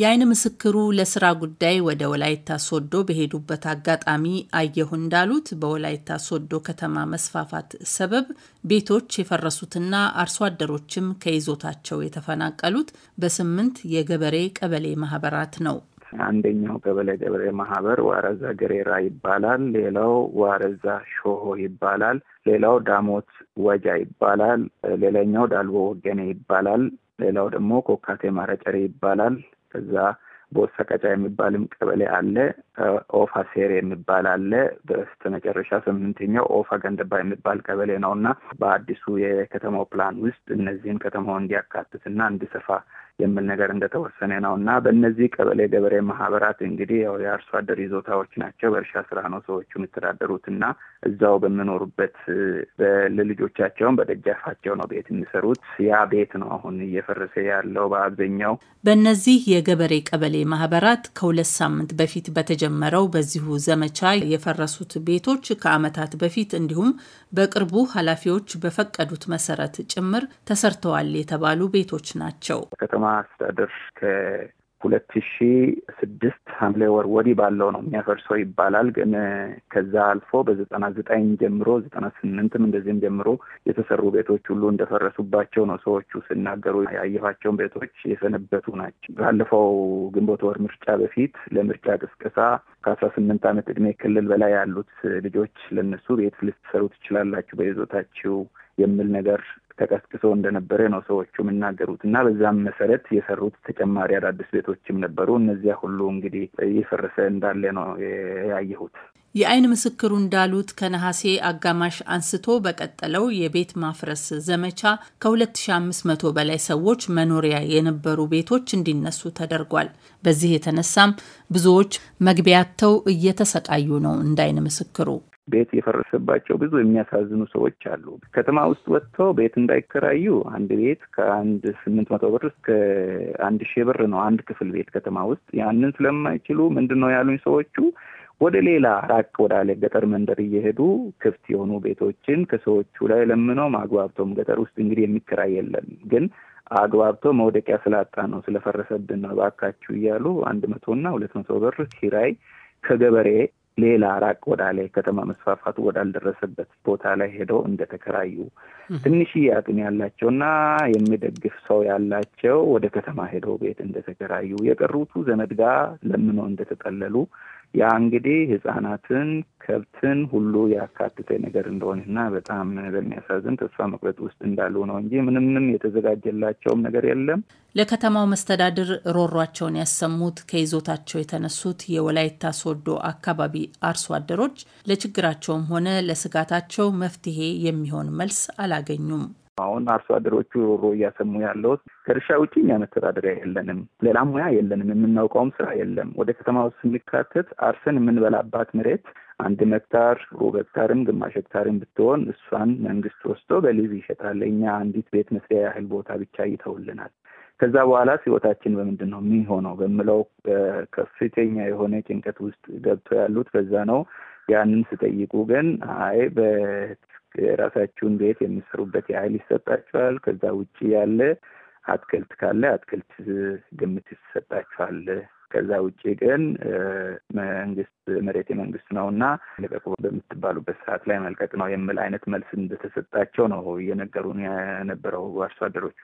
የአይን ምስክሩ ለስራ ጉዳይ ወደ ወላይታ ሶዶ በሄዱበት አጋጣሚ አየሁ እንዳሉት በወላይታ ሶዶ ከተማ መስፋፋት ሰበብ ቤቶች የፈረሱትና አርሶ አደሮችም ከይዞታቸው የተፈናቀሉት በስምንት የገበሬ ቀበሌ ማህበራት ነው። አንደኛው ቀበሌ ገበሬ ማህበር ዋረዛ ገሬራ ይባላል። ሌላው ዋረዛ ሾሆ ይባላል። ሌላው ዳሞት ወጃ ይባላል። ሌላኛው ዳልቦ ወገኔ ይባላል። ሌላው ደግሞ ኮካቴ ማረጨሬ ይባላል። እዛ ቦሳ የሚባልም ቀበሌ አለ። ኦፋ ሴር የሚባል አለ። በስተ መጨረሻ ስምንተኛው ኦፋ ገንደባ የሚባል ቀበሌ ነው እና በአዲሱ የከተማው ፕላን ውስጥ እነዚህን ከተማው እንዲያካትትና እንዲሰፋ የሚል ነገር እንደተወሰነ ነው እና በእነዚህ ቀበሌ ገበሬ ማህበራት እንግዲህ ያው የአርሶ አደር ይዞታዎች ናቸው። በእርሻ ስራ ነው ሰዎቹ የሚተዳደሩት እና እዛው በሚኖሩበት ለልጆቻቸውን በደጃፋቸው ነው ቤት የሚሰሩት። ያ ቤት ነው አሁን እየፈረሰ ያለው በአብዛኛው። በእነዚህ የገበሬ ቀበሌ ማህበራት ከሁለት ሳምንት በፊት በተጀመረው በዚሁ ዘመቻ የፈረሱት ቤቶች ከአመታት በፊት እንዲሁም በቅርቡ ኃላፊዎች በፈቀዱት መሰረት ጭምር ተሰርተዋል የተባሉ ቤቶች ናቸው። ከተማ ከተማ አስተዳደር ከሁለት ሺ ስድስት ሐምሌ ወር ወዲህ ባለው ነው የሚያፈርሰው ይባላል። ግን ከዛ አልፎ በዘጠና ዘጠኝ ጀምሮ ዘጠና ስምንትም እንደዚህም ጀምሮ የተሰሩ ቤቶች ሁሉ እንደፈረሱባቸው ነው ሰዎቹ ሲናገሩ ያየኋቸውን ቤቶች የሰነበቱ ናቸው። ባለፈው ግንቦት ወር ምርጫ በፊት ለምርጫ ቅስቀሳ ከአስራ ስምንት ዓመት እድሜ ክልል በላይ ያሉት ልጆች ለነሱ ቤት ልትሰሩ ትችላላችሁ በይዞታችሁ የሚል ነገር ተቀስቅሶ እንደነበረ ነው ሰዎቹ የሚናገሩት እና በዛም መሰረት የሰሩት ተጨማሪ አዳዲስ ቤቶችም ነበሩ። እነዚያ ሁሉ እንግዲህ እየፈረሰ እንዳለ ነው ያየሁት። የአይን ምስክሩ እንዳሉት ከነሐሴ አጋማሽ አንስቶ በቀጠለው የቤት ማፍረስ ዘመቻ ከ2500 በላይ ሰዎች መኖሪያ የነበሩ ቤቶች እንዲነሱ ተደርጓል። በዚህ የተነሳም ብዙዎች መግቢያተው እየተሰቃዩ ነው እንዳይን ምስክሩ ቤት የፈረሰባቸው ብዙ የሚያሳዝኑ ሰዎች አሉ። ከተማ ውስጥ ወጥቶ ቤት እንዳይከራዩ አንድ ቤት ከአንድ ስምንት መቶ ብር እስከ አንድ ሺህ ብር ነው አንድ ክፍል ቤት ከተማ ውስጥ። ያንን ስለማይችሉ ምንድን ነው ያሉኝ ሰዎቹ ወደ ሌላ ራቅ ወዳለ ገጠር መንደር እየሄዱ ክፍት የሆኑ ቤቶችን ከሰዎቹ ላይ ለምነው አግባብቶም ገጠር ውስጥ እንግዲህ የሚከራይ የለም ግን አግባብቶ መውደቂያ ስላጣ ነው ስለፈረሰብን ነው እባካችሁ እያሉ አንድ መቶና ሁለት መቶ ብር ኪራይ ከገበሬ ሌላ ራቅ ወዳለ ከተማ መስፋፋቱ ወዳልደረሰበት ቦታ ላይ ሄደው እንደተከራዩ ትንሽዬ አቅም ያላቸውና የሚደግፍ ሰው ያላቸው ወደ ከተማ ሄደው ቤት እንደተከራዩ የቀሩቱ ዘመድ ጋር ለምነው እንደተጠለሉ ያ እንግዲህ ህጻናትን፣ ከብትን ሁሉ ያካተተ ነገር እንደሆነና በጣም በሚያሳዝን ተስፋ መቁረጥ ውስጥ እንዳሉ ነው እንጂ ምንምም የተዘጋጀላቸውም ነገር የለም። ለከተማው መስተዳድር ሮሯቸውን ያሰሙት ከይዞታቸው የተነሱት የወላይታ ሶዶ አካባቢ አርሶ አደሮች ለችግራቸውም ሆነ ለስጋታቸው መፍትሄ የሚሆን መልስ አላገኙም። አሁን አርሶ አደሮቹ ሮሮ እያሰሙ ያለው ከእርሻ ውጭ እኛ መተዳደሪያ የለንም፣ ሌላ ሙያ የለንም፣ የምናውቀውም ስራ የለም። ወደ ከተማ ውስጥ ስንካተት አርሰን የምንበላባት መሬት አንድ ሄክታር ሩብ ሄክታርም ግማሽ ሄክታርም ብትሆን እሷን መንግስት ወስዶ በሊዝ ይሸጣል። እኛ አንዲት ቤት መስሪያ ያህል ቦታ ብቻ ይተውልናል። ከዛ በኋላ ህይወታችን በምንድን ነው የሚሆነው በምለው ከፍተኛ የሆነ ጭንቀት ውስጥ ገብቶ ያሉት በዛ ነው። ያንን ስጠይቁ ግን አይ የራሳችሁን ቤት የሚሰሩበት ያህል ይሰጣችኋል። ከዛ ውጭ ያለ አትክልት ካለ አትክልት ግምት ይሰጣችኋል። ከዛ ውጭ ግን መንግስት መሬት የመንግስት ነው እና ልቀቁ በምትባሉበት ሰዓት ላይ መልቀቅ ነው የሚል አይነት መልስ እንደተሰጣቸው ነው እየነገሩን የነበረው አርሶ አደሮቹ።